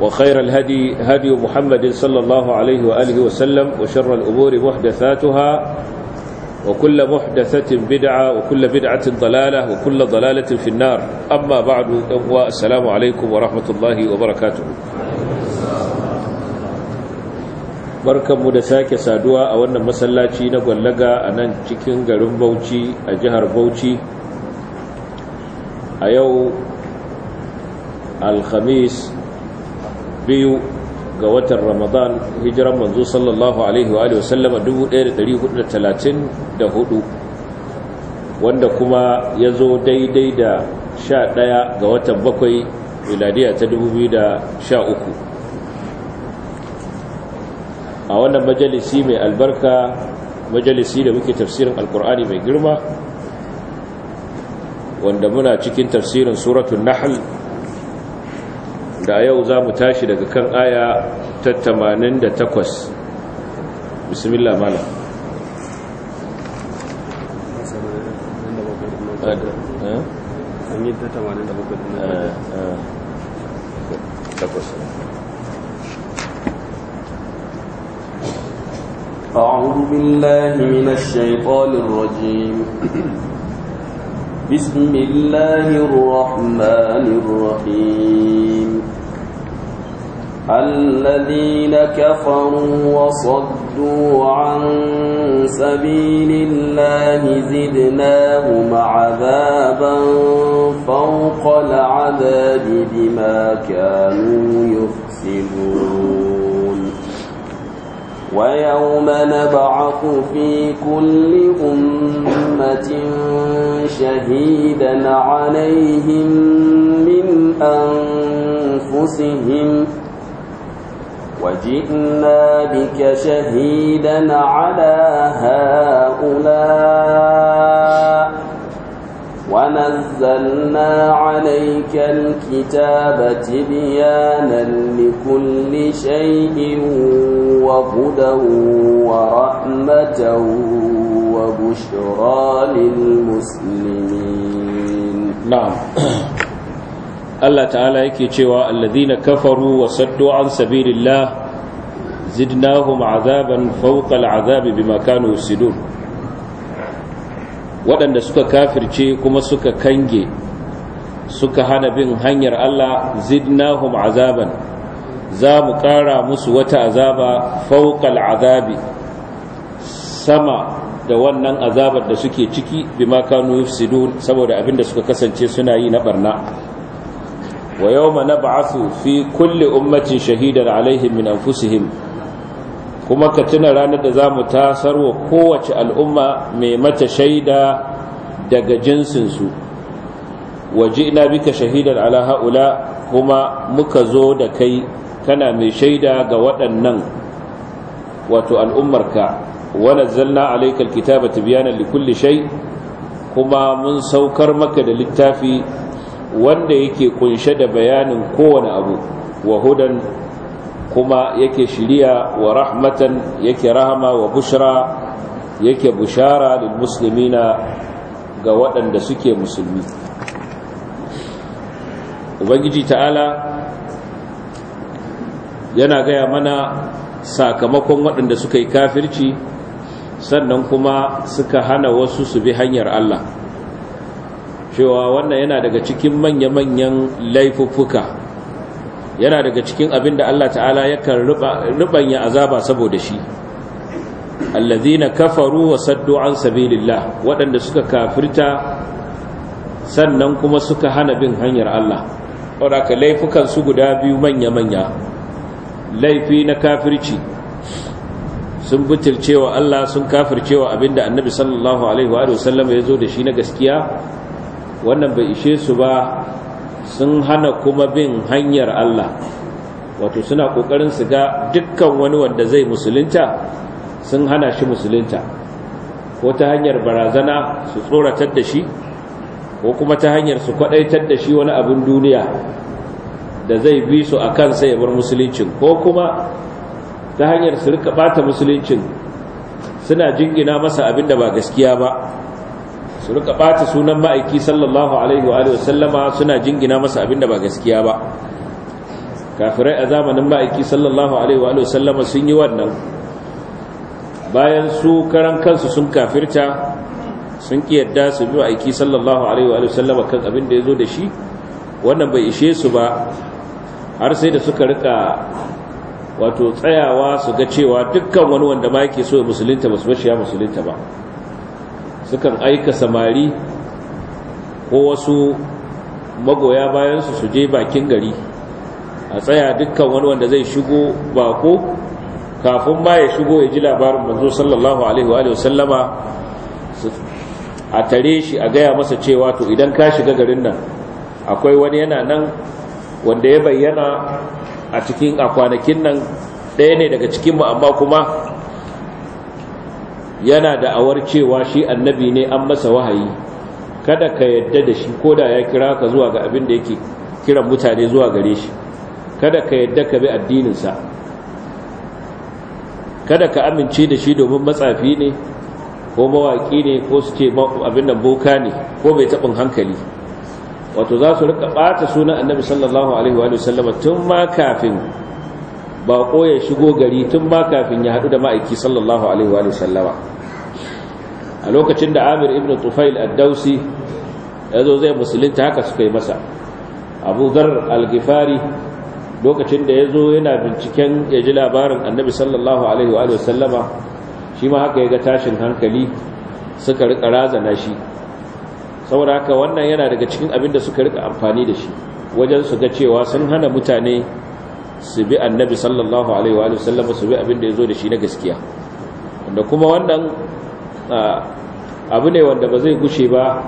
وخير الهدي هدي محمد صلى الله عليه وآله وسلم وشر الأمور محدثاتها وكل محدثة بدعة وكل بدعة ضلالة وكل ضلالة في النار أما بعد السلام عليكم ورحمة الله وبركاته barkanmu da sake saduwa a wannan masallaci na gwallaga a nan cikin garin bauchi a jihar bauchi a yau alhamis biyu ga watan ramadan hijiran manzo sallallahu alaihi wa sallama 1434 wanda kuma ya zo daidai da 11 ga watan bakwai miladiya ta 2013 a wannan majalisi mai albarka majalisi da muke tafsirin alkur'ani mai girma wanda muna cikin tafsirin suratun nahal da yau za mu tashi daga kan aya ta 88 bismillah malam أعوذ بالله من الشيطان الرجيم بسم الله الرحمن الرحيم الذين كفروا وصدوا عن سبيل الله زدناهم عذابا فوق العذاب بما كانوا يفسدون ويوم نبعث في كل أمة شهيدا عليهم من أنفسهم وجئنا بك شهيدا على هؤلاء ونزلنا عليك الكتاب تبيانا لكل شيء وهدى ورحمة وبشرى للمسلمين نعم Allah ta'ala yake cewa alladhina kafaru wa saddu an sabilillah zidnahum azaban fawqa al'azabi bima kanu yusidun waɗanda suka kafirce kuma suka kange suka hana bin hanyar Allah zidnahum azaban za mu ƙara musu wata azaba fawqa al'azabi sama da wannan azabar da suke ciki bima kanu yufsidun saboda abinda suka kasance suna yi na barna wa yawma nab'athu fi kulle ummatin shahidan alaihim anfusihim kuma ka tuna ranar da zamu tasar wa kowace al'umma mai mata shaida daga jinsin su waji'na bika shahidan ala haula kuma muka zo da kai kana mai shaida ga waɗannan wato al'ummarka ka nazzalna alayka alkitaba tibyana likulli shay' kuma mun saukar maka da littafi wanda yake kunshe da bayanin kowane abu wa hudan kuma yake shiriya wa rahmatan yake rahama wa bushra yake bushara lil muslimina ga waɗanda suke musulmi ubangiji ta'ala yana gaya mana sakamakon waɗanda suka yi kafirci sannan kuma suka hana wasu su bi hanyar Allah cewa wannan yana daga cikin manya-manyan laifuffuka yana daga cikin abin da Allah ta'ala yakan rubanya azaba saboda shi allazina kafaru wa saddu an sabilillah waɗanda suka kafirta sannan kuma suka hana bin hanyar Allah wadaka laifukan su guda biyu manya-manya laifi na kafirci sun butircewa Allah sun kafircewa abinda annabi sallallahu alaihi wa sallam ya zo da shi na gaskiya wannan bai ishe su ba sun hana kuma bin hanyar Allah wato suna kokarin su ga dukkan wani wanda zai musulunta sun hana shi musulunta ko ta hanyar barazana su tsoratar da shi ko kuma ta hanyar su kwadaitar da shi wani abin duniya da zai bi su a kan ya bar musuluncin ko kuma ta hanyar su rika bata musuluncin suna jingina masa abin da ba gaskiya ba su rika ɓata sunan ma'aiki sallallahu alaihi wa sallama suna jingina masa abin da ba gaskiya ba kafirai a zamanin ma'aiki sallallahu alaihi wa sallama sun yi wannan bayan su karan kansu sun kafirta sun yadda su bi ma'aiki sallallahu alaihi wa sallama kan abin da ya zo da shi wannan bai ishe su ba har sai da suka rika wato tsayawa su ga cewa dukkan wani wanda ma yake so ya musulunta ba su musulunta ba sukan aika samari ko wasu magoya bayansu su je bakin gari a tsaya dukkan wani wanda zai shigo bako kafin ba ya shigo ya ji labarin manzo sallallahu alaihi wa sallama a tare shi a gaya masa cewa to idan ka shiga garin nan akwai wani yana nan wanda ya bayyana a cikin a kwanakin nan ɗaya ne daga cikin mu amma kuma yana da awar cewa shi annabi ne an masa wahayi kada ka yadda da shi ko da ya kira ka zuwa ga abin da yake kiran mutane zuwa gare shi kada ka yadda ka bi addininsa kada ka amince da shi domin matsafi ne ko mawaƙi ne ko su ce abin da boka ne ko bai taɓin hankali wato za su rika ɓata sunan annabi sallallahu alaihi wa sallama tun ma kafin baƙo ya shigo gari tun ba kafin ya haɗu da ma'aiki sallallahu alaihi wa sallama a lokacin da amir ibn tufail Addausi dausi ya zo zai musulunta haka suka yi masa abu dhar al gifari lokacin da ya zo yana binciken ya ji labarin annabi sallallahu alaihi wa sallama shi ma haka ya ga tashin hankali suka rika razana shi saboda haka wannan yana daga cikin abin da suka rika amfani da shi wajen su ga cewa sun hana mutane su bi annabi sallallahu alaihi wa sallam su bi abin da ya zo da shi na gaskiya wanda kuma wannan abu ne wanda ba zai gushe ba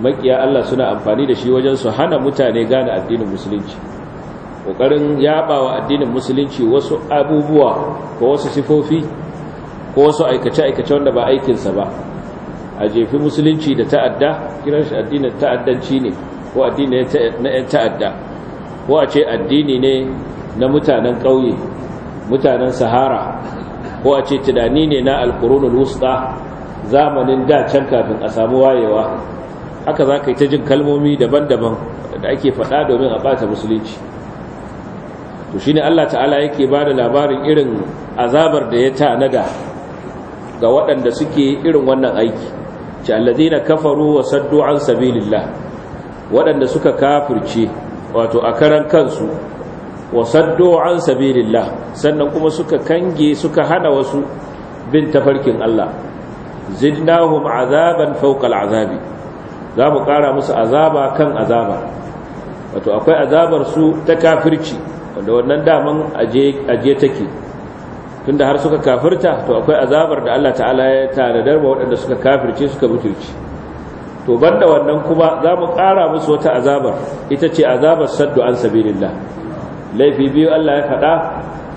makiya Allah suna amfani da shi wajen su hana mutane gane addinin musulunci kokarin yaba addinin musulunci wasu abubuwa ko wasu sifofi ko wasu aikace-aikace wanda ba aikinsa ba a jefi musulunci da ta'adda kiran shi addinin ta'addanci ne ko addini na ta'adda ko a ce addini ne na mutanen ƙauye mutanen sahara ko a ce tunani ne na alkurunul wusta zamanin da can kafin a samu wayewa haka za ka yi ta jin kalmomi daban-daban da ake faɗa domin a ɓata musulunci to shi ne Allah ta'ala yake ba da labarin irin azabar da ya ta da ga waɗanda suke irin wannan aiki allazi na kafaru wa saddu an sabilillah waɗanda suka kafirce wato a karan kansu wasaddo an sabilillah sannan kuma suka kange suka hana wasu bin tafarkin Allah zidnahum azaban fawqa al'azabi za mu kara musu azaba kan azaba wato akwai azabar su ta kafirci wanda wannan daman aje aje take tunda har suka kafirta to akwai azabar da Allah ta'ala ya tanadar da waɗanda suka kafirce suka mutunci to banda wannan kuma za mu kara musu wata azabar ita ce azabar saddu an sabilillah laifi biyu Allah ya faɗa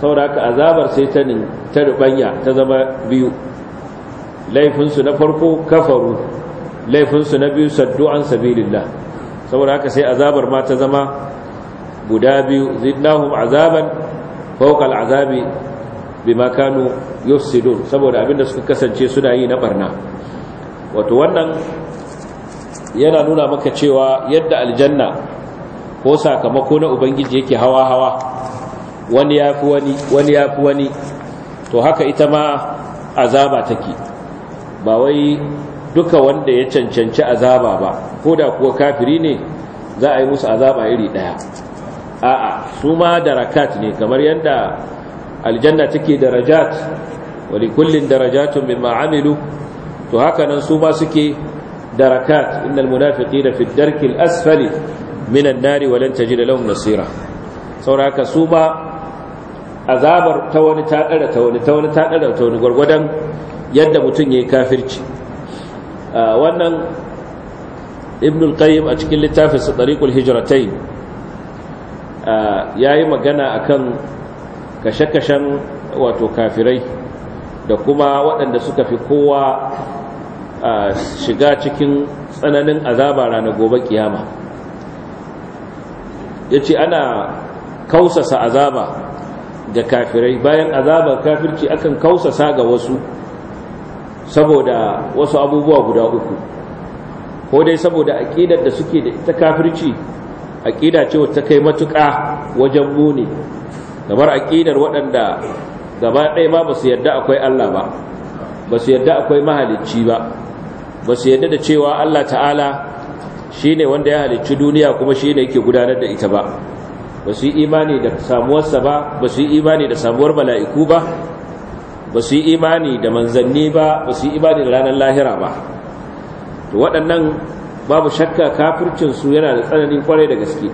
saboda azabar sai ta ta rubanya ta zama biyu laifinsu na farko kafaru laifinsu na biyu saddu an sabilillah saboda haka sai azabar ma ta zama guda biyu zidnahum azaban fawqa al'azabi bima kanu yufsidun saboda abinda suka kasance suna yi na barna wato wannan yana nuna maka cewa yadda aljanna ko sakamako na ubangiji yake hawa hawa wani ya fi wani wani ya fi wani to haka ita ma azaba take ba wai duka wanda ya cancanci azaba ba ko da kuwa kafiri ne za a yi musu azaba iri ɗaya a'a su ma darakat ne kamar yadda aljanna take darajat Wani kullin darajatun mimma amilu to haka nan su ma suke darakat innal munafiqina fi ad-darkil asfali minan nari walan da lahum nasira sauraka su ba azabar ta wani ta ta wani ta wani ta ta wani gwargwadon yadda mutum ya yi kafirci wannan ibn al-qayyim a cikin littafin sa tariqul hijratain yi magana akan kashe-kashen wato kafirai da kuma waɗanda suka fi kowa shiga cikin tsananin azaba ranar gobe kiyama ya ce ana kausasa azaba ga kafirai bayan azabar kafirci akan kausasa ga wasu saboda wasu abubuwa guda uku ko dai saboda aƙidar da suke da ita kafirci aƙida ce wata kai matuƙa wajen muni kamar aƙidar waɗanda gaba ɗaya ma ba su yarda akwai Allah ba ba su yarda akwai mahalicci ba ba su yarda da cewa Allah ta'ala shine wanda ya halicci duniya kuma shine yake gudanar da ita ba ba su yi imani da samuwarsa ba ba su yi imani da samuwar mala'iku ba ba su yi imani da manzanni ba ba su yi imani da ranar lahira ba to waɗannan babu shakka kafircinsu yana da tsananin kwarai da gaske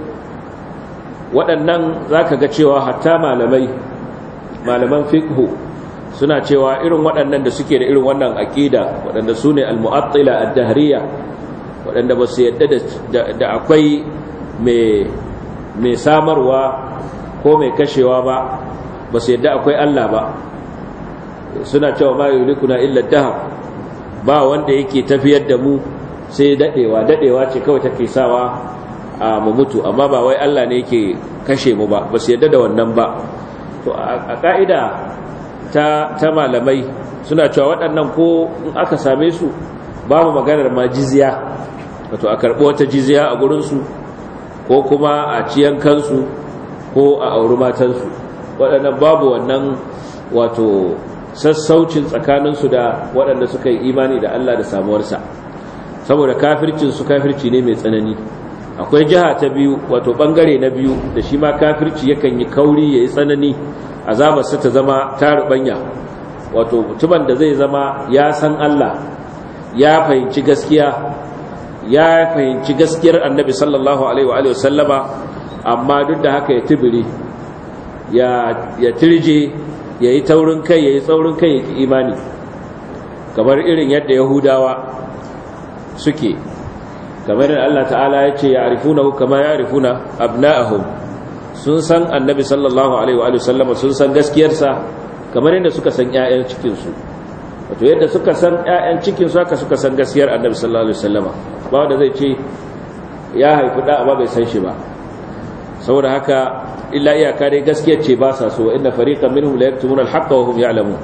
waɗannan za ka ga cewa hatta malamai malaman fiqhu suna cewa irin waɗannan da suke da irin wannan aƙida waɗanda su ne al-mu'attila ad-dahriyya waɗanda ba su yadda da akwai mai samarwa ko mai kashewa ba ba su yadda akwai Allah ba suna cewa ma rikuna illa dahab ba wanda yake tafiyar da mu sai daɗewa daɗewa ce kawai take sawa a mu amma ba wai Allah ne yake kashe mu ba ba su yadda da wannan ba to a ƙa'ida ta malamai suna cewa waɗannan ko in aka same su babu maganar majiziya wato a karɓi wata jiziya a gurinsu ko kuma a ciyan kansu ko a auri matansu waɗannan babu wannan wato sassaucin tsakaninsu da waɗanda suka yi imani da Allah da samuwarsa saboda kafircinsu kafirci ne mai tsanani akwai jiha ta biyu wato ɓangare na biyu da shi ma kafirci yakan yi kauri ya yi tsanani azabarsa ta zama tarubanya wato mutumin da zai zama ya san Allah ya fahimci gaskiya ya fahimci gaskiyar annabi sallallahu alaihi wa sallama amma duk da haka ya tibiri ya tirje ya yi taurin kai ya yi tsaurin kai ya ki imani kamar irin yadda yahudawa suke kamar da Allah ta'ala ya ce ya arifuna kama ya arifuna abna'ahum sun san annabi sallallahu alaihi wa sallama sun san gaskiyarsa kamar yadda suka san 'ya'yan cikinsu wato yadda suka san ƴaƴan cikin su haka suka san gaskiyar annabi sallallahu alaihi wasallama ba wanda zai ce ya haifi da amma bai san shi ba saboda haka illa iyaka dai gaskiyar ce ba sa so inna fariqan minhum la yaktumuna al-haqqa wa hum ya'lamun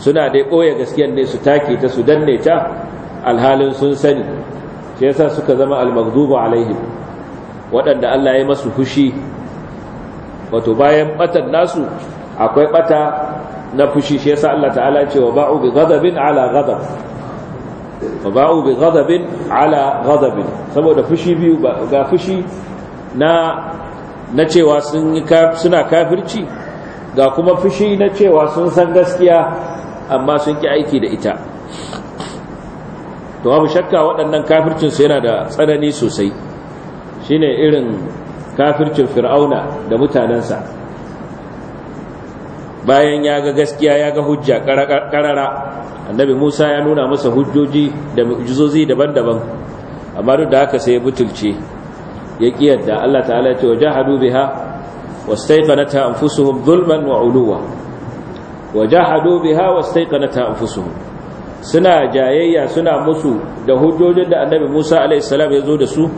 suna dai koya gaskiyar ne su take ta su danne ta alhalin sun sani shi yasa suka zama al-maghdubu alaihim waɗanda Allah ya yi masu fushi wato bayan batan nasu akwai bata na fushi shi yasa Allah ta'ala ya ce wa ba'u bi ghadabin ala ghadab wa ba'u bi ghadabin ala ghadabin saboda fushi biyu ga fushi na na cewa sun suna kafirci ga kuma fushi na cewa sun san gaskiya amma sun ki aiki da ita to babu shakka waɗannan kafircin su yana da tsanani sosai shine irin kafircin fir'auna da mutanensa bayan ya ga gaskiya ya ga hujja karara annabi musa ya nuna masa hujjoji da mu'jizozi daban-daban amma duk da haka sai ya butulce ya kiyarda Allah ta'ala ya ce wa jahadu biha wastaifanata anfusuhum zulman wa uluwa wa jahadu biha wastaifanata anfusuhum suna jayayya suna musu da hujjojin da annabi musa alaihi salam ya zo da su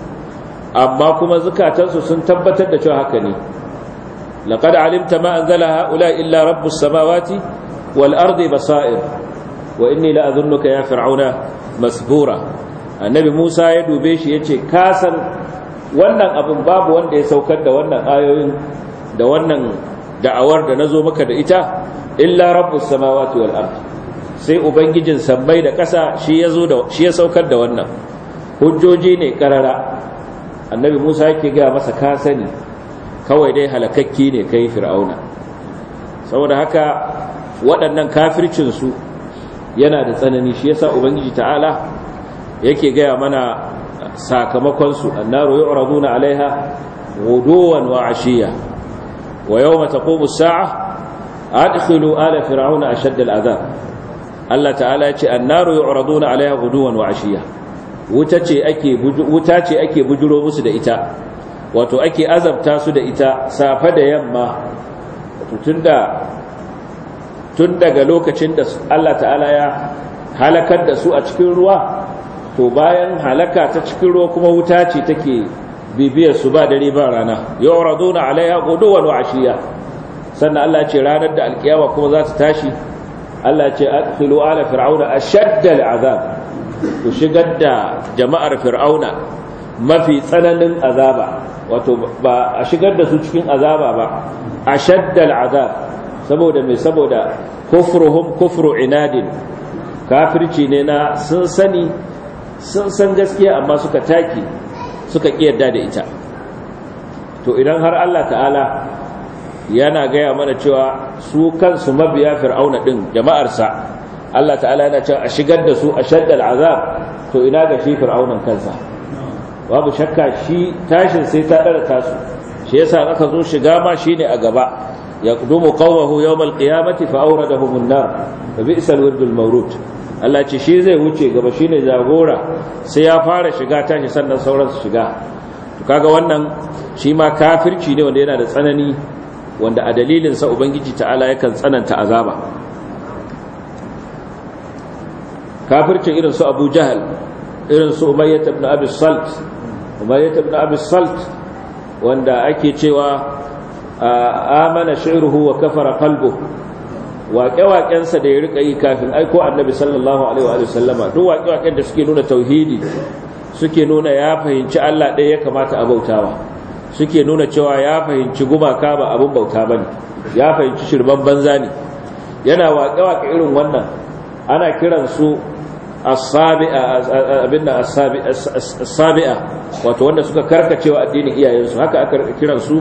amma kuma zukatansu sun tabbatar da cewa haka ne laqad alimta ma anzala haula illa rabbus samawati wal ardi basair wa inni la adhunnuka ya fir'auna masbura annabi Musa ya dube shi yace ka wannan abin babu wanda ya saukar da wannan ayoyin da wannan da'awar da nazo maka da ita illa rabbus samawati wal ardi sai ubangijin sammai da ƙasa shi yazo da shi ya saukar da wannan hujjoji ne karara annabi Musa yake ga masa ka sani kawai dai halakakki ne kai fir'auna saboda haka waɗannan kafircinsu yana da tsanani shi yasa ubangiji ta'ala yake gaya mana sakamakon su annaru yu'raduna alaiha ghuduwan wa ashiya wa yawma taqumu as-sa'a adkhilu ala fir'auna ashadd al-'adab Allah ta'ala ya ce annaru yu'raduna alaiha ghuduwan wa ashiya wuta ce ake wuta ce ake bujuro musu da ita wato ake azabta su da ita safe da yamma tun daga lokacin da Allah ta'ala ya halakar da su a cikin ruwa to bayan halaka ta cikin ruwa kuma wuta ce take bibiyar su ba dare ba rana yu'raduna alaiha ghuduwan wa ashiya sannan Allah ce ranar da alkiyama kuma za ta tashi Allah ce adkhilu ala fir'auna ashadda al'azab ku shigar da jama'ar fir'auna mafi tsananin azaba wato ba a shigar da su cikin azaba ba a shaddal azab saboda mai saboda kufruhum kufru inadin kafirci ne na sun sani sun san gaskiya amma suka taki suka kiyarda da ita to idan har Allah ta'ala yana gaya mana cewa su kansu mabiya fir'auna din jama'arsa Allah ta'ala yana cewa a shigar da su ashaddal azab to ina ga shi fir'aunan kansa babu shakka shi tashin sai ta dara tasu shi yasa aka zo shiga ma shine a gaba yaqdumu qawmahu yawm alqiyamati fa awradahum an-nar fa bi'sal wirdul mawrud Allah ce shi zai wuce gaba shine jagora sai ya fara shiga tashi sannan sauran su shiga to kaga wannan shi ma kafirci ne wanda yana da tsanani wanda a dalilin sa ubangiji ta'ala yakan tsananta azaba kafircin irin su Abu Jahal irin su Umayyah ibn Abi Salt umayyah ibn abi salt wanda ake cewa amana shi'ruhu wa kafara qalbuhu waƙe-waƙensa da ya rika yi kafin aiko annabi sallallahu alaihi wa sallama duk waƙe-waƙen da suke nuna tauhidi suke nuna ya fahimci Allah ɗaya ya kamata a bautawa suke nuna cewa ya fahimci gumaka ba abun bauta bane ya fahimci shirban banza ne yana waƙe-waƙe irin wannan ana kiransu asabi'a wato wanda suka karkacewa addinin iyayensu haka aka kiran su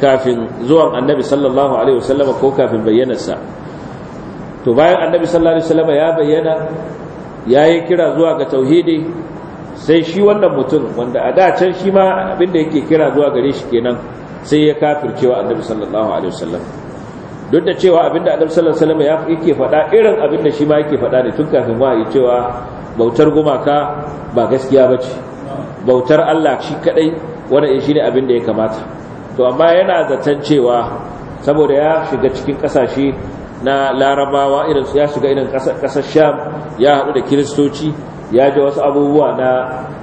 kafin zuwan annabi sallallahu alaihi Wasallama ko kafin bayyanarsa to bayan annabi sallallahu alaihi Wasallama ya bayyana ya yi kira zuwa ga tauhidi sai shi wannan mutum wanda a da can shi ma abinda yake kira zuwa gare shi kenan sai ya kafircewa annabi sallallahu alaihi Wasallama. duk da cewa abinda annabi sallallahu alaihi wasallam yake faɗa irin abinda shi ma yake faɗa ne tun kafin yi cewa bautar gumaka ba gaskiya bace bautar Allah shi kadai wannan shine da ya kamata to amma yana zaton cewa saboda ya shiga cikin kasashe na larabawa irin ya shiga irin kasar sham ya haɗu da kiristoci ya ji wasu abubuwa na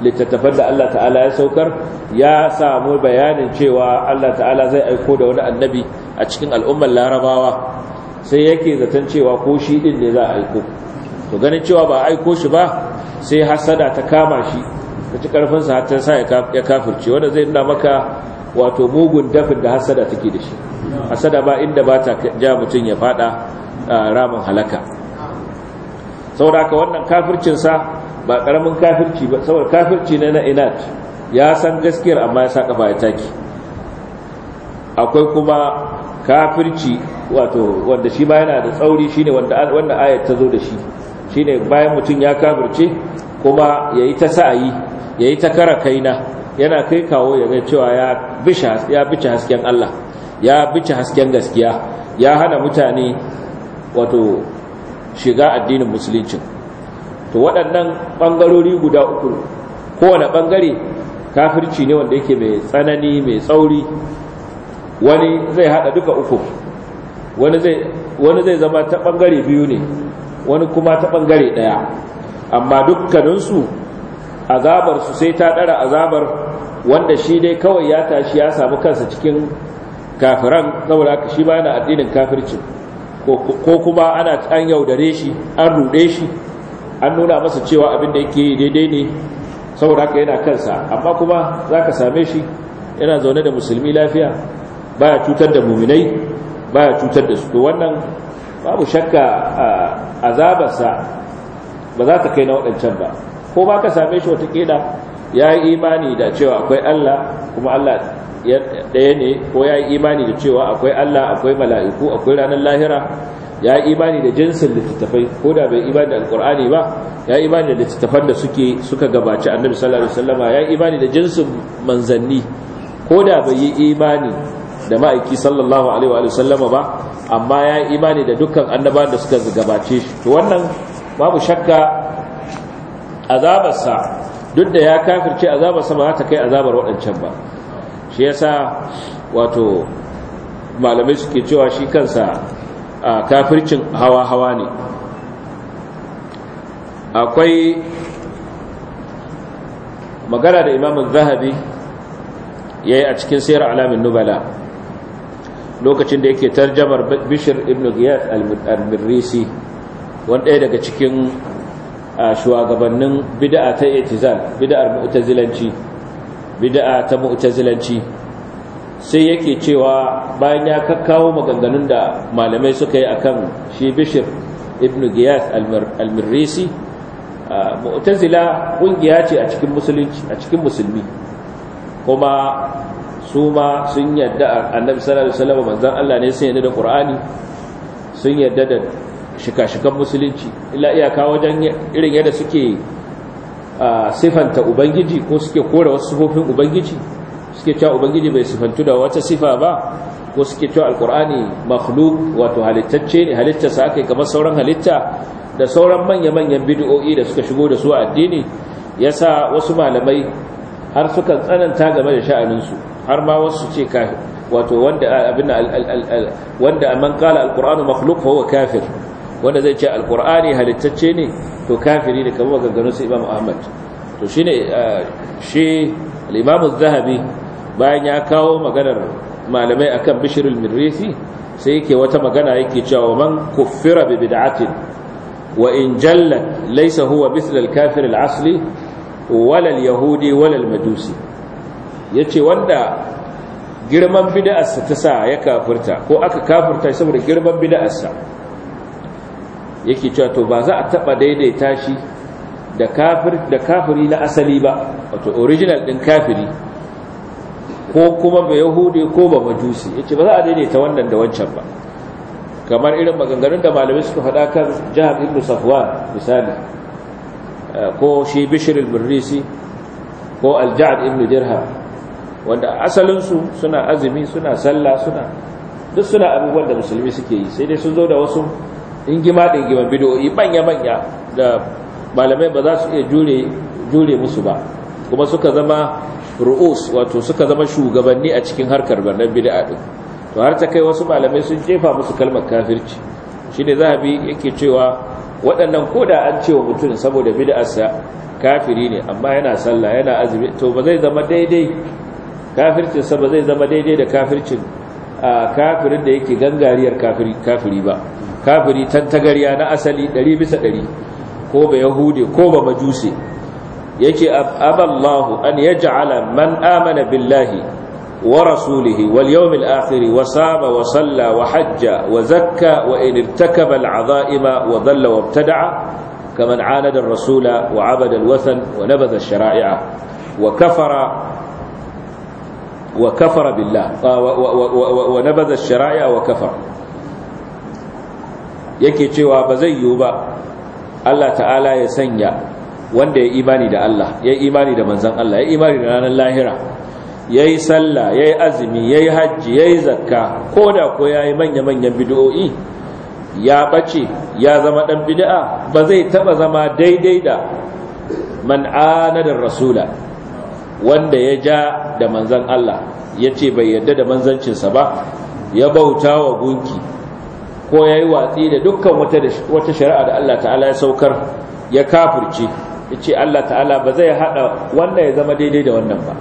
littattafan da Allah ta'ala ya saukar ya samu bayanin cewa Allah ta'ala zai aiko da wani annabi a cikin al'ummar larabawa sai yake zaton cewa ko shi din ne za a aiko to ganin cewa ba aiko shi ba sai hasada ta kama shi ta ci karfinsa har ta sa ya kafirce wanda zai nuna maka wato mugun dafin da hasada take da shi hasada ba inda ba ta ja mutum ya fada ramin halaka saboda haka wannan kafircinsa ba karamin kafirci ba saboda kafirci ne na inat ya san gaskiyar amma ya sa kafa ya take akwai kuma kafirci wato wanda shi ba yana da tsauri shine wanda wannan ayat ta zo da shi shine bayan mutum ya kafirce kuma yayi ta sa'ayi yayi ta kara kaina yana kai kawo ya ga cewa ya bisha ya bici hasken Allah ya bici hasken gaskiya ya hana mutane wato shiga addinin musulunci to waɗannan bangarori guda uku kowane bangare kafirci ne wanda yake mai tsanani mai tsauri wani zai hada duka uku wani zai zama ta bangare biyu ne wani kuma ta bangare daya amma dukkaninsu azabar su sai ta dara azabar wanda shi dai kawai ya tashi ya samu kansa cikin kafiran saboda haka shi ba na addinin kafircin ko kuma ana an yaudare shi an rude shi an nuna masa cewa abin da yake daidai ne saboda haka yana kansa amma kuma za ka same shi yana zaune da musulmi lafiya baya cutar da muminai baya cutar da su to wannan babu shakka azabarsa ba za ta kai na waɗancan ba ko ba ka same shi watakila ya yi imani da cewa akwai Allah kuma Allah ɗaya ne ko ya yi imani da cewa akwai Allah akwai mala'iku akwai ranar lahira ya yi imani da jinsin littattafai ko da bai imani da alkur'ani ba ya yi imani da littattafan da suke suka gabaci annabi sallallahu alaihi wasallama ya yi imani da jinsin manzanni ko da bai yi imani da ma'aiki sallallahu alaihi wa sallama ba amma ya yi imani da dukkan annaba da suka gabace shi to wannan babu shakka azabarsa duk da ya kafirce azabarsa ba za ta kai azabar waɗancan ba shi yasa wato malamai suke cewa shi kansa a kafircin hawa-hawa ne akwai magana da imamun zahabi ya yi a cikin sayar alamin nubala lokacin da yake tarjamar bishir ibn giyas al-mirrisi wani ɗaya daga cikin shugabannin bida'a ta itizal bida'ar mu'tazilanci bida'a ta mu'tazilanci sai yake cewa bayan ya kakkawo maganganun da malamai suka yi a kan shi bishir ibn giyas al-mirrisi mu'tazila ƙungiya ce a cikin musulmi kuma su ma sun yadda annabi sallallahu alaihi wasallam manzon Allah ne sun yadda da Qur'ani sun yadda da shika-shikan musulunci illa iyaka wajen irin yadda suke sifanta ubangiji ko suke kore wasu sifofin ubangiji suke cewa ubangiji bai sifantu da wata sifa ba ko suke cewa alkur'ani makhluk wato halittacce ne halitta sa kai kamar sauran halitta da sauran manya-manyan bid'o'i da suka shigo da su a addini yasa wasu malamai har suka tsananta game da sha'anin su har ma wasu ce kafir wato wanda abin wanda man kala alquranu makhluq huwa kafir wanda zai ce alqurani halittacce ne to kafiri ne kamar maganganun su imam ahmad to shine shi al-imam az-zahabi bayan ya kawo maganar malamai akan bishirul mirrisi sai yake wata magana yake cewa man kuffira bi bid'atin wa in jallat laysa huwa mithla al-kafir al-asli wala al-yahudi wala al-majusi ya ce wanda girman bida'arsa ta sa ya kafirta ko aka kafirta saboda girman bida'arsa yake cewa to ba za a taɓa daidaita shi da kafiri na asali ba wato original din kafiri ko kuma ba yahudi ko ba majusi yace ba za a daidaita wannan da wancan ba kamar irin maganganun da malamai suka faɗa kan jihar ibn safwan misali eh, ko shi bishir al-murrisi ko al-ja'd ibn dirham wanda asalinsu suna azumi suna sallah suna duk suna abubuwan da musulmi suke yi sai dai sun zo da wasu ingima da ingima bidoyi manya-manya da malamai ba za su iya jure musu ba kuma suka zama ru'us wato suka zama shugabanni a cikin harkar bannan bid'a din to har ta kai wasu malamai sun jefa musu kalmar kafirci ne zahabi yake cewa waɗannan ko da an cewa mutum saboda bid'arsa kafiri ne amma yana sallah yana azumi to ba zai zama daidai kafircinsa ba zai zama daidai da kafircin a kafirin da yake gangariyar kafiri ba kafiri tantagariya na asali ɗari bisa ɗari ko ba yahude ko ba majuse yake aballahu an yaj'ala man amana billahi wa rasulihi wal yawmil akhiri, wa saba, wa salla wa hajja wa zakka wa in irtakaba al'azaima wa dhalla wa ibtada'a kaman anada ar-rasula wa 'abada al-wathan wa nabadha ash-shara'i'a wa kafara wa kafara billah wa nabadha shari'a wa yake cewa ba zai yiwu ba Allah ta'ala ya sanya wanda ya imani da Allah ya imani da manzan Allah ya imani da ranar lahira yayi sallah yayi azumi yayi hajji yayi zakka ko da ko yayi manya manyan bid'o'i ya ɓace, ya zama ɗan bid'a ba zai taɓa zama daidai da man rasula wanda ya ja da manzan Allah ya ce bai yarda da manzancinsa ba ya bauta wa gunki ko ya yi watsi da dukkan wata shari'a da Allah ta'ala ya saukar ya kafirci ya ce Allah ta'ala ba zai haɗa wanda ya zama daidai da wannan ba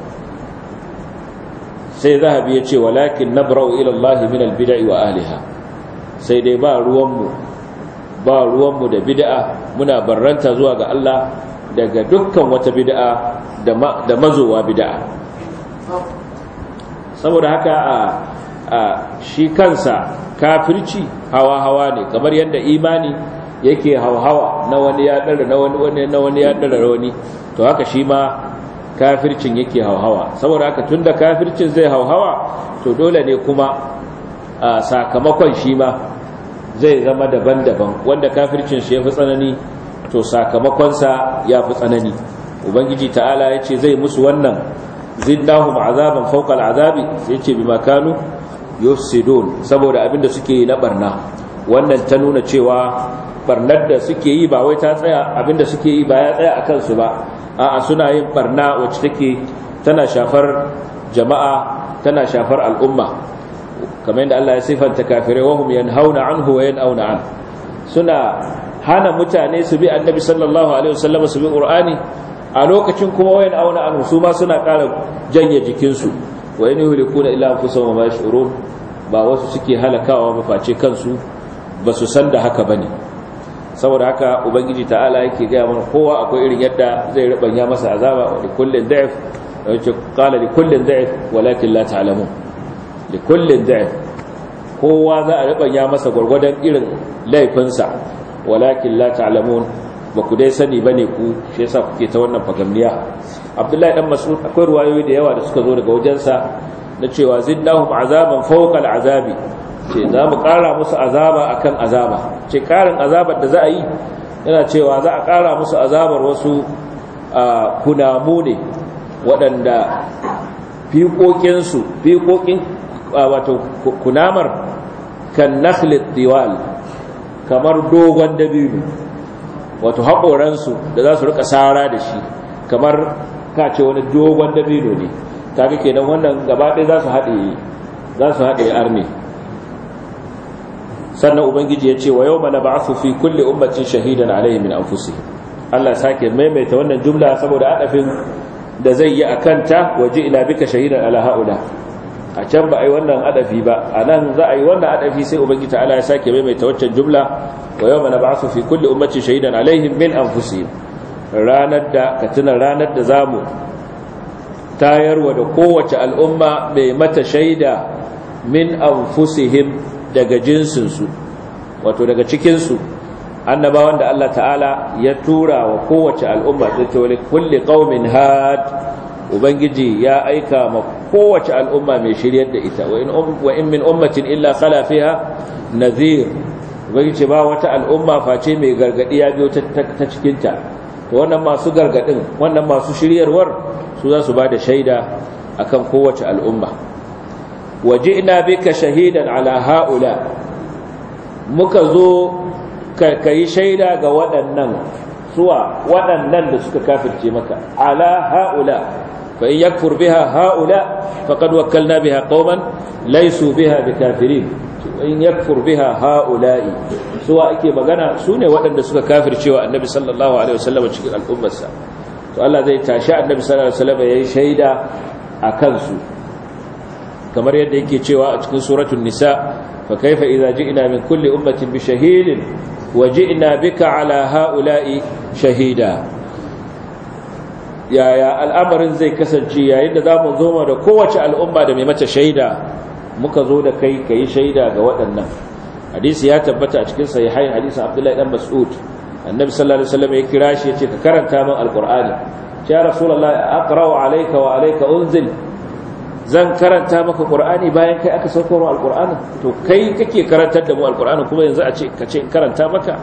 sai zahabi ya ce walakin na bura'u Allah min al-bid'i wa Aliha. sai dai ba ruwanmu da bida'a muna barranta zuwa ga Allah daga dukkan wata bid'a da mazowa bid'a saboda haka a shi kansa kafirci hawa-hawa ne kamar yadda imani yake hawa-hawa na wani ya dara na wani na wani ya dara wani to haka shi ma kafircin yake hauhawa saboda haka tunda kafircin zai hauhawa to dole ne kuma sakamakon shi ma zai zama daban-daban wanda kafircin shi ya fi tsanani to sakamakonsa ya fi tsanani ubangiji ta'ala ya ce zai musu wannan zindahum azaban fawqa azabi, sai ce bima kanu yufsidun saboda abinda suke yi na barna wannan ta nuna cewa barnar da suke yi ba wai ta tsaya abinda suke yi ba ya tsaya a kansu ba a'a suna yin barna wacce take tana shafar jama'a tana shafar al'umma kamar yadda Allah ya sifanta kafirai wahum yanhauna anhu wa yan'auna an suna hana mutane su bi annabi sallallahu alaihi wasallam su bi qur'ani a lokacin kuma wayan auna an su ma suna ƙara janye jikinsu wa in yuhlikuna illa anfusahum ma yash'urun ba wasu suke halakawa ba face kansu ba su san da haka bane saboda haka ubangiji ta'ala yake gaya mana kowa akwai irin yadda zai rubanya masa azaba wa kullin da'if yace qala kullin da'if walakin la ta'lamun kullin da'if kowa za a rubanya masa gurgurdan irin laifinsa walakin la ta'lamun ba ku dai sani bane ku shi yasa kuke ta wannan fagamniya abdullahi dan mas'ud akwai ruwayoyi da yawa da suka zo daga wajensa na cewa zidnahum azaban fawqa al'azabi ce za mu ƙara musu azaba akan azaba ce ƙarin azabar da za a yi yana cewa za a ƙara musu azabar wasu kunamu ne waɗanda fiƙoƙinsu fiƙoƙin wato kunamar kan nakhlit diwal kamar dogon dabino wato haƙoransu da za su rika sara da shi kamar kace wani dogon dabino ne kaga nan wannan gabaɗe za su haɗe za su haɗe arne sannan ubangiji ya ce wa yau mana ba'afu fi kulle ummacin shahidan alaihi min anfusi Allah sake maimaita wannan jumla saboda adafin da zai yi a kanta waje ina bika shahidan ala haula a can ba a yi wannan adafi ba a nan za a yi wannan adafi sai ubangiji ta'ala ya sake maimaita waccan jumla wa yawma nab'athu fi kulli ummatin shahidan alaihim min anfusihim ranar da katina ranar da zamu tayarwa da kowace al'umma mai mata shaida min anfusihim daga jinsinsu wato daga cikinsu annabawan da Allah ta'ala ya tura wa kowace al'umma ta ce wani kulle ƙaumin had ubangiji ya aika ma kowace al'umma mai shiryar da ita um, wa in min ummatin illa khala fiha nadhir ubangiji ba wata al'umma face mai gargadi ya biyo ta cikin ta to wannan masu gargadin wannan masu shiryarwar su za su ba da shaida akan kowace al'umma waji'na bika shahidan ala haula muka zo kai shaida ga waɗannan suwa waɗannan da suka kafirce maka ala haula fa in yakfur biha haula faqad wakkalna biha qauman laysu biha bikafirin in yakfur biha haula'i suwa ake magana sune waɗanda suka kafircewa annabi sallallahu alaihi wasallam cikin al'ummarsa to Allah zai tashi annabi sallallahu alaihi wasallam yayin shaida a kansu. kamar yadda yake cewa a cikin suratul nisa fa kaifa idza ji'na min kulli ummatin bi shahidin ina ji'na bika ala haula'i shahida yaya al'amarin zai kasance yayin da za mu zo da kowace al'umma da mai mace shaida muka zo da kai ka yi shaida ga waɗannan hadisi ya tabbata a cikin sahihain hadisin abdullahi dan mas'ud annabi sallallahu alaihi wasallam ya kira shi ya ce ka karanta min alqur'ani ya rasulullahi aqra'u alayka wa alayka unzil zan karanta maka qur'ani bayan kai aka saukar wa alqur'ani to kai kake karantar da mu alqur'ani kuma yanzu a ce ka ce karanta maka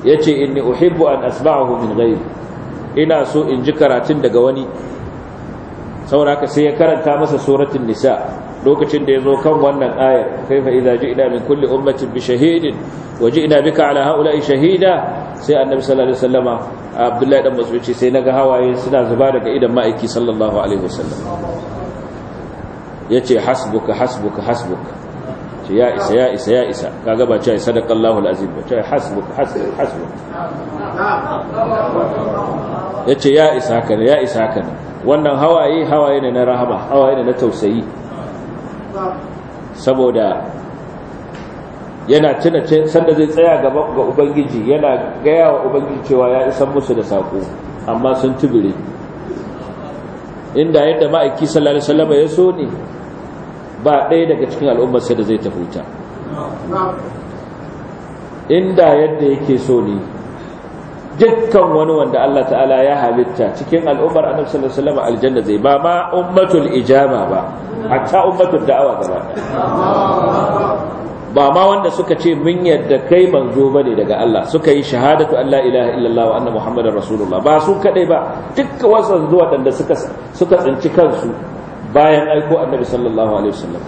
yace inni uhibbu an asma'ahu min ghairi ina so in ji karatun daga wani sauraka sai ya karanta masa suratun nisa lokacin da ya zo kan wannan ayar kaifa idza ji'na min kulli ummatin bi shahidin wa ji'na bika ala haula'i shahida sai annabi sallallahu alaihi wasallama abdullahi dan mas'ud sai naga hawaye suna zuba daga idan ma'aiki sallallahu alaihi wasallam yace hasbuka hasbuka hasbuka ce ya isa ya isa ya isa kaga ba ce sadaqallahu alazim ba ce hasbuka hasbuka hasbuka ya ce ya isa ka ne ya isa ka ne wannan hawaye hawaye ne na rahama hawaye ne na tausayi saboda yana tuna sanda zai tsaya ga ubangiji yana gaya wa ubangiji cewa ya isan musu da saƙo amma sun tubire inda yadda ma'aiki sallallahu alaihi wasallam ya so ne ba ɗaya daga cikin al'ummar sai da zai tafuta inda yadda yake so ne dukkan wani wanda Allah ta'ala ya halitta cikin al'ummar annabi sallallahu alaihi wasallam aljanna zai ba ma ummatul ijama ba hatta ummatul da'awa gaba ba ma wanda suka ce mun yadda kai manzo bane daga Allah suka yi shahadatu an la ilaha illallah wa anna muhammadar rasulullah ba su kadai ba duk wasu zuwa waɗanda suka suka tsinci kansu bayan aiko annabi sallallahu alaihi wasallam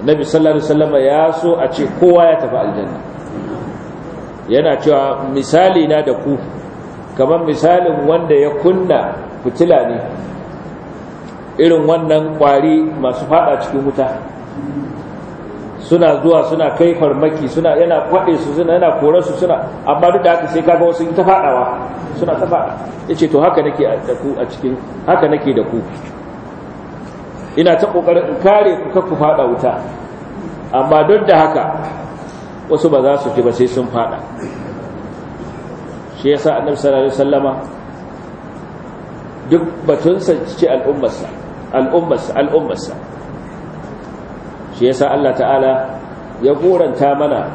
annabi sallallahu alaihi wasallam ya so a ce kowa ya tafi aljanna yana cewa misali na da ku kamar misalin wanda ya kunna fitila ne irin wannan kwari masu fada cikin wuta suna zuwa suna kai farmaki suna yana kwade su suna yana kore su suna amma duk da haka sai kaga wasu ta fadawa suna ta fada. yace to haka nake da ku a cikin haka nake da ku ina ta kokarin in kare ku kafa ku wuta amma duk da haka wasu ba za su ji ba sai sun fada shi yasa annabi sallallahu alaihi wasallama duk batunsa ce al'ummarsa al'ummarsa al'ummarsa shi yasa Allah ta'ala ya goranta mana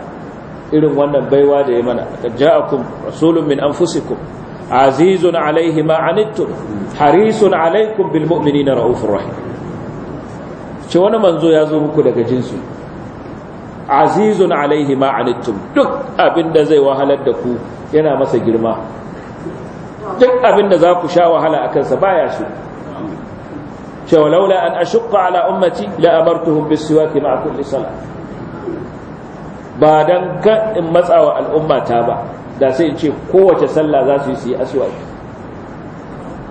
irin wannan baiwa da ya mana ja'akum rasulun min anfusikum azizun alaihi ma anittum harisun alaikum bil mu'minina raufur rahim ce wani manzo ya zo muku daga jinsu azizun alaihi ma anittum duk abinda zai wahalar da ku yana masa girma duk abinda za ku sha wahala a kansa baya su cewa laula an ashqa ala ummati la amartuhum bisiwaki ma kulli ba dan ka in matsawa al'ummata ba da sai in ce kowace sallah za su yi su yi aswaki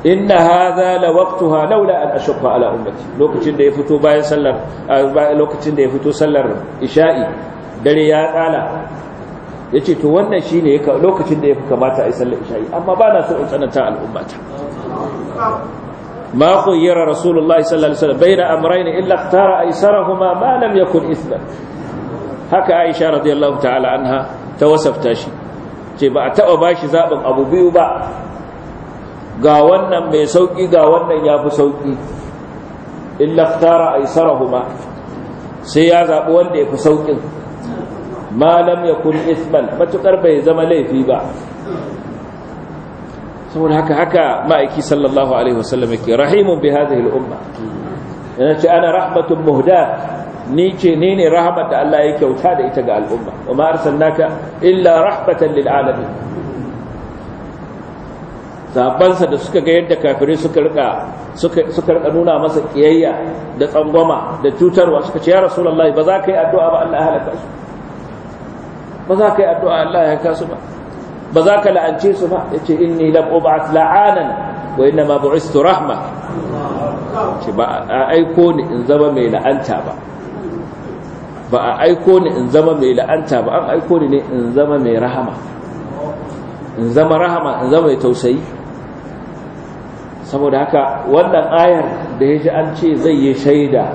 inna hadha la waqtaha laula an ashqa ala ummati lokacin da ya fito bayan sallar lokacin da ya fito sallar isha'i dare ya tsala yace to wannan shine lokacin da ya kamata a yi sallar isha'i amma ba na so in tsananta al'ummata ما خير رسول الله صلى الله عليه وسلم بين أمرين إلا اختار أيسرهما ما لم يكن إثما هكا عائشة رضي الله تعالى عنها توسف تاشي ce ba a taɓa bashi shi abu biyu ba ga wannan mai sauki ga wannan ya fi sauki illa ftara aisarahuma sai ya zaɓi wanda ya fi saukin malam ya kun isman matukar bai zama laifi ba saboda haka haka ma'aiki sallallahu alaihi wasallam ke, rahimun bi hadhihi al yana ce ana rahmatun muhda ni ce ne ne rahmat da Allah ya kyauta da ita ga al'umma wa ma naka illa rahmatan lil sabansa da suka ga yadda kafirai suka rika suka rika nuna masa kiyayya da tsangwama da cutarwa suka ce ya rasulullahi ba za ka yi addu'a ba Allah ya halaka su ba za ka yi addu'a Allah ya halaka su ba ba za ka la'ance su ba yace inni lam ub'at la'anan wa inna ma bu'istu rahma ce ba a aiko ni in zama mai la'anta ba ba a aiko ni in zama mai la'anta ba an aiko ni ne in zama mai rahama in zama rahama in zama mai tausayi saboda haka wannan ayar da ya ji an ce zai yi shaida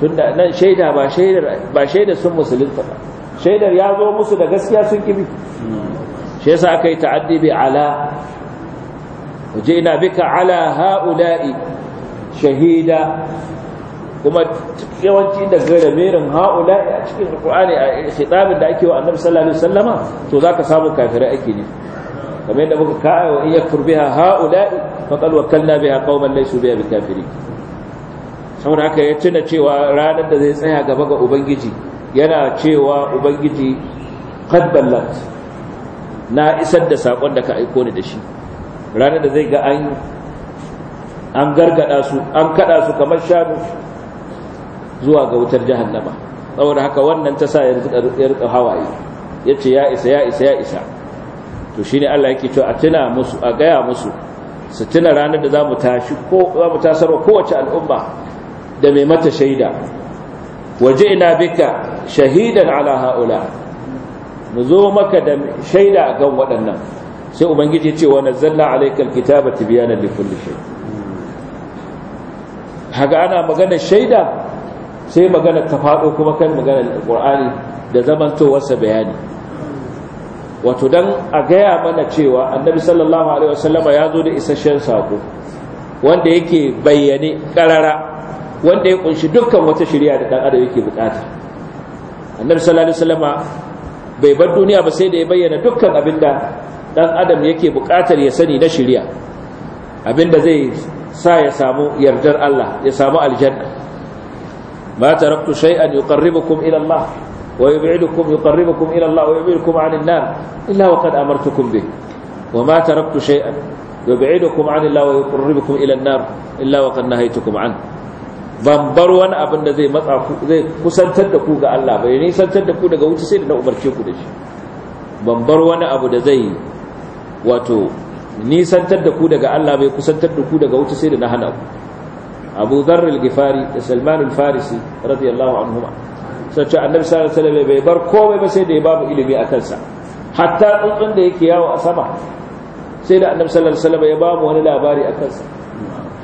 Tun da nan shaida ba shaidar sun musulunta ba shaidar ya zo musu da gaskiya sun kibi shi yasa aka yi ta'addi bi ala Waje wajina bika ala haula'i shahida kuma yawanci da garamerin ha'ula'i a cikin alkur'ani a shitabin da ake wa annabi sallallahu alaihi wasallama to zaka samu kafirai ake ne kamar yadda muka ka'a wa iya biha ha'ula'i wa wakkalna biha qauman laysu biha bikafirin saboda haka ya tuna cewa ranar da zai tsaya gaba ga ubangiji yana cewa ubangiji qad ballat na isar da sakon da ka aiko ni da shi ranar da zai ga an an gargada su an kada su kamar shanu zuwa ga wutar jahannama saboda haka wannan ta sa ya rika hawaye yace ya isa ya isa ya isa to shine Allah yake cewa a tuna musu a gaya musu su ranar da za mu tashi ko za mu tasarwa kowace al'umma da mai mata shaida waje ina bika shahidan ala haula mu zo maka da shaida a kan waɗannan sai ubangiji ya ce wa nazzalna alaikal kitaba tibyana li kulli shay haga ana magana shaida sai magana ta faɗo kuma kan magana alqur'ani da zamantowarsa bayani wato dan a gaya mana cewa annabi sallallahu alaihi wasallam ya zo da isasshen sako wanda yake bayyane karara wanda ya kunshi dukkan wata shari'a da dan adam yake bukata annabi sallallahu alaihi wasallam bai bar duniya ba sai da ya bayyana dukkan abin da dan adam yake bukatar ya sani na shirya abinda zai sa ya samu yardar Allah ya samu aljanna ma taraktu shay'an yuqarribukum ila Allah ويبعدكم يقربكم إلى الله ويبعدكم عن النار إلا وقد أمرتكم به وما تركت شيئا يبعدكم عن الله ويقربكم إلى النار إلا وقد نهيتكم عنه ban wani abin da zai matsa ku zai kusantar da ku ga Allah bai nisantar da ku daga wuce sai da umarce ku da shi ban bar wani abu da zai wato nisantar da ku daga Allah bai kusantar da ku daga wuce sai da na hana ku Abu Dharr al-Ghifari da Salman al-Farisi radiyallahu anhuma sai ce annabi sallallahu alaihi wasallam bai bar komai ba sai da ya babu ilimi a kansa hatta tsuntsun da yake yawo a sama sai da annabi sallallahu alaihi wasallam ya bamu wani labari a kansa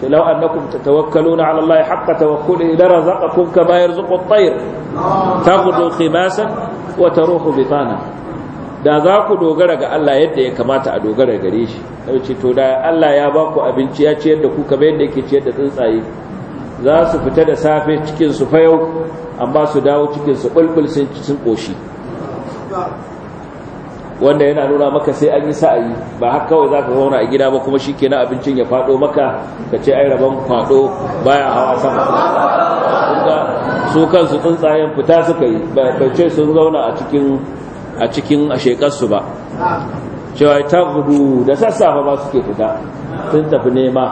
ce law annakum tatawakkaluna ala allahi haqqa tawakkulihi la razaqakum kama yarzuqu at-tayr taghdu khimasan wa taruhu bitana da za ku dogara ga Allah yadda ya kamata a dogara gare shi sai ce to da Allah ya ba ku abinci ya ciyar da ku kamar yadda yake ciyar da tsuntsaye za su fita da safe cikin su yau, amma su dawo cikin su bulbul sun sun koshi wanda yana nuna maka sai an yi sa'ayi ba har kawai zaka zauna a gida ba kuma shikenan abincin ya fado maka ka ce ai rabon kwado baya hawa sama su kansu tsuntsayen fita suka yi bai ce sun zauna a cikin a cikin a shekarsu ba cewa ta gudu da sassafa ba suke fita sun tafi nema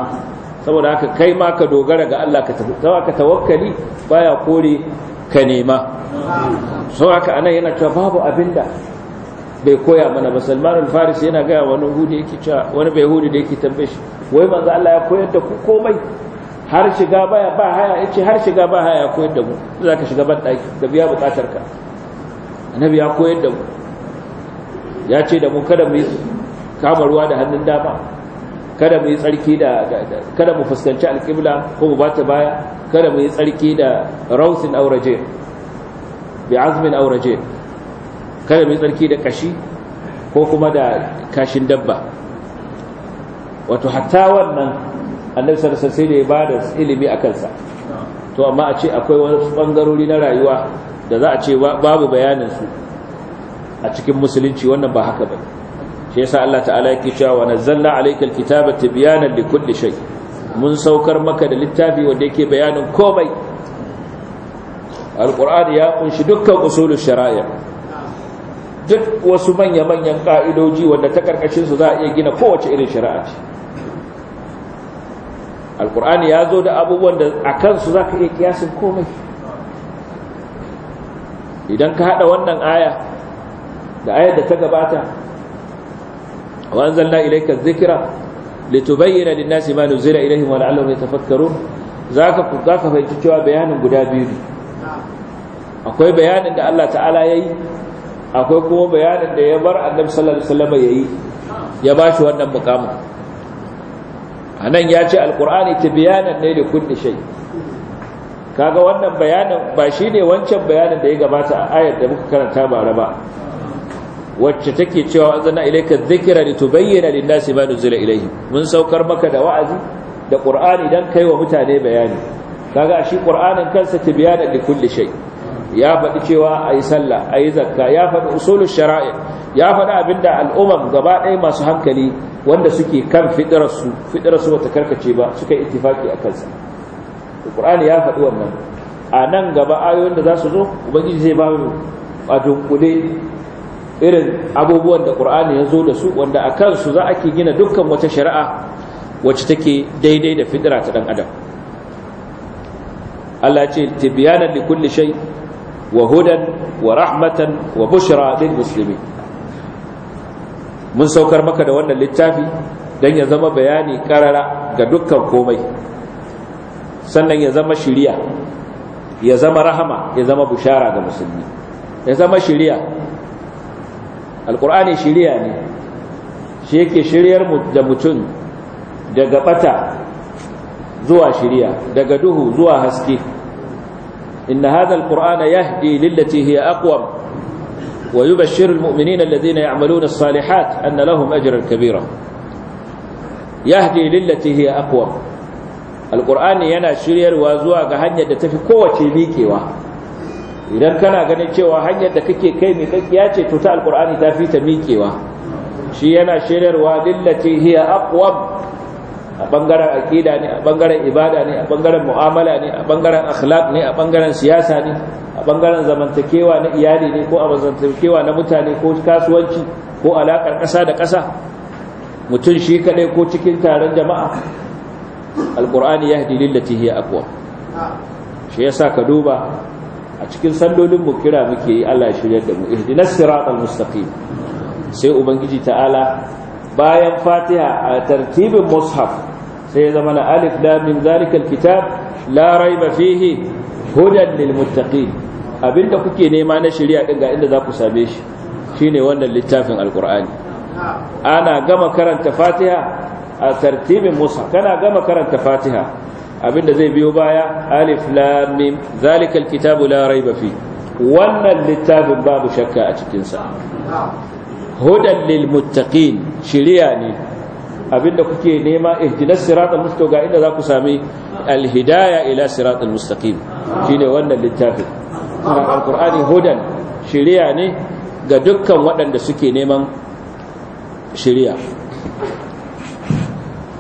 saboda haka kai ma ka dogara ga Allah ka tawakkali baya kore ka nema so haka anan yana cewa babu abinda bai koya mana ba salman al-faris yana gaya wani hudu yake cewa wani bai hudu da yake tambaye shi wai manzo Allah ya koyar da ku komai har shiga baya ba haya yace har shiga ba haya ya koyar da mu zaka shiga ban daki da biya bukatar ka annabi ya koyar da mu ya ce da mu kada mu kama ruwa da hannun dama kada mu yi tsarki da kada mu fuskanci alƙibla ko mu bata baya kada mu yi tsarki da rausin auraje bi azmin auraje kada mu yi tsarki da kashi ko kuma da kashin dabba wato hatta wannan annabi sallallahu alaihi wasallam sai ya bada ilimi akan sa to amma a ce akwai wasu bangarori na rayuwa da za a ce babu bayanin su a cikin musulunci wannan ba haka bane shi yasa Allah ta'ala yake cewa wa nazzalna alaykal kitaba tibyanan likulli shay mun saukar maka da littafi wanda yake bayanin komai alqur'ani ya kunshi dukkan usulul shari'a duk wasu manya-manyan ka'idoji wanda ta karkashin su za a iya gina kowace irin shari'a ce alqur'ani ya zo da abubuwan da akan su zaka iya kiyasin komai idan ka hada wannan aya da ayar da ta gabata wa anzalna zikira, adh-dhikra litubayyana lin-nasi ma nuzila ilayhim wa la'allahum yatafakkarun zaka zaka fahimci cewa bayanin guda biyu ne akwai bayanin da Allah ta'ala yayi akwai kuma bayanin da ya bar annabi sallallahu alaihi wasallam yayi ya bashi wannan mukamin anan ya ce alqur'ani tibyanan ne da kulli shay kaga wannan bayanin ba shine wancan bayanin da ya gabata a ayar da muka karanta bara ba wacce take cewa anzalna ilayka dhikra litubayyana lin-nasi ma nuzila ilayhim mun saukar maka da wa'azi da qur'ani dan kai wa mutane bayani kaga shi qur'anin kansa tibyana li kulli shay ya faɗi cewa ayi sallah ayi zakka ya faɗi usulul shara'i ya faɗi abinda al'umam gaba ɗaya masu hankali wanda suke kan fitrarsu fitrarsu wata karkace ba suka ittifaki a kansa qur'ani ya faɗi wannan a nan gaba ayoyin da za su zo ubangiji zai ba mu a dunkule irin abubuwan da ƙur'ani ya zo da su wanda a kansu za a ke gina dukkan wata shari'a wacce take daidai da fitira ta ɗan adam Allah ce tibiyanar da kulle shai wa hudan wa rahmatan wa bushira ɗin musulmi. mun saukar maka da wannan littafi don ya zama bayani ƙarara ga dukkan komai sannan ya zama shiriya ya zama rahama ya zama bushara ga musulmi ya zama shiriya alkur'ani shirya ne shi yake shiryar da mutum daga bata zuwa shiriya daga duhu zuwa haske inna hadha alqur'ana yahdi lillati hiya aqwam wa yubashshiru almu'minina alladhina ya'maluna as-salihat anna lahum ajran kabira yahdi lillati hiya aqwam alqur'ani yana shiryarwa zuwa ga hanyar da tafi kowace miƙewa idan kana ganin cewa hanyar da kake kai mai kakkiya ce to ta alkur'ani ta fi ta miƙewa shi yana shirarwa lillati hiya aqwam a bangaren aqida ne a bangaren ibada ne a bangaren mu'amala ne a bangaren akhlaq ne a bangaren siyasa ne a bangaren zamantakewa na iyali ne ko a zamantakewa na mutane ko kasuwanci ko alakar ƙasa da kasa mutum shi kadai ko cikin taron jama'a ya yahdi lillati hiya aqwam shi yasa ka duba a cikin sallolin mu kira muke yi Allah ya shiryar da mu ihdinas siratal mustaqim sai ubangiji ta'ala bayan fatiha a tartibin mushaf sai ya zama na alif lam min zalikal kitab la raiba fihi hudan lil muttaqin abinda kuke nema na shari'a din ga inda za ku same shi shine wannan littafin alqur'ani ana gama karanta fatiha a tartibin mushaf kana gama karanta fatiha abinda zai biyo baya alif lam mim zalikal kitabu la raiba fi wannan littafin babu shakka a cikin sa hudan lil muttaqin shiriya ne abinda kuke nema ihdinas siratal mustaqim ga inda zaku sami al ila siratal mustaqim shine wannan littafin alqur'ani hudan shiriya ne ga dukkan waɗanda suke neman shiriya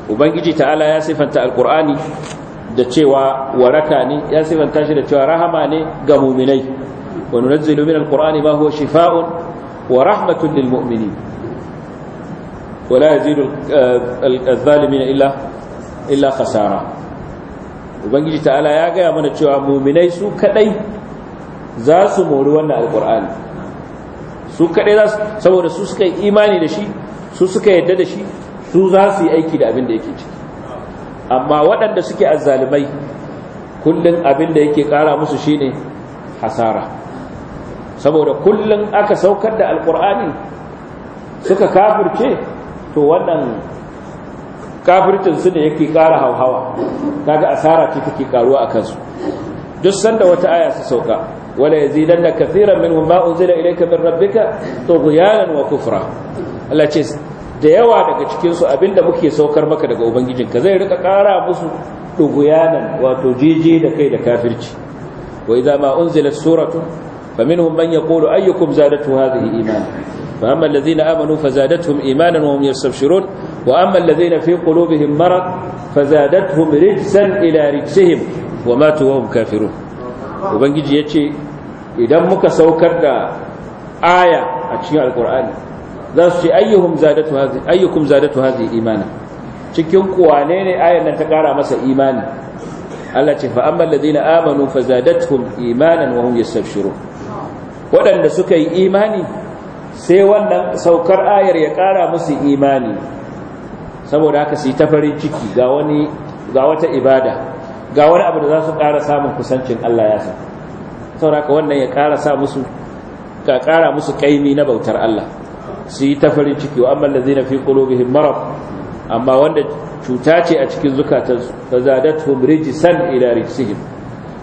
ubangiji ta'ala ya sifanta Alƙur'ani. da cewa waraka ne ya sifanta shi da cewa rahama ne ga muminai wa nunazzilu min alqur'ani ma huwa shifaa'un wa rahmatun lil mu'minin wa la yazidu adh-dhalimin illa illa khasara ubangiji ta'ala ya gaya mana cewa muminai su kadai za su mori wannan alqur'ani su kadai za su saboda su suka yi imani da shi su suka yadda da shi su za su yi aiki da abin da yake ciki amma waɗanda suke azzalumai kullum abin da yake ƙara musu shine hasara saboda kullum aka saukar da Alƙur'ani suka kafirce to wannan kafircin su ne yake ƙara hauhawa kaga asara ce take ƙaruwa a kansu duk sanda wata aya su sauka wala yazidanna kathiran min ma unzila ilayka min rabbika tughyanan wa kufra Allah ce da yawa daga cikinsu abinda muke saukar maka daga ubangijinka zai rika ƙara musu ɗuguyanan wato jeje da kai da kafirci wa idza ma unzilat suratu faminhum man yaqulu ayyukum zadatu hadhihi imana fa amma alladhina amanu fazadatuhum imanan wa hum yastabshirun wa amma alladhina fi qulubihim marad fazadatuhum rijsan ila rijsihim wa matu wa hum kafirun ubangiji yace idan muka saukar da aya a cikin alqur'ani za su ce ayyukum zadatu hazi imana cikin kuwane ne ayar nan ta kara masa imani Allah ce fa amma alladhina amanu fazadatuhum imanan wa hum yastabshirun waɗanda suka yi imani sai wannan saukar ayar ya kara musu imani saboda haka su yi ta farin ciki ga wani ga wata ibada ga wani abu da za su kara samun kusancin Allah ya san saboda haka wannan ya kara sa musu ka kara musu kaimi na bautar Allah su yi ta farin ciki wa amma lalzina fi qulubihim marad amma wanda cuta ce a cikin zukatansu zadat zadatuhum san ila rijsihim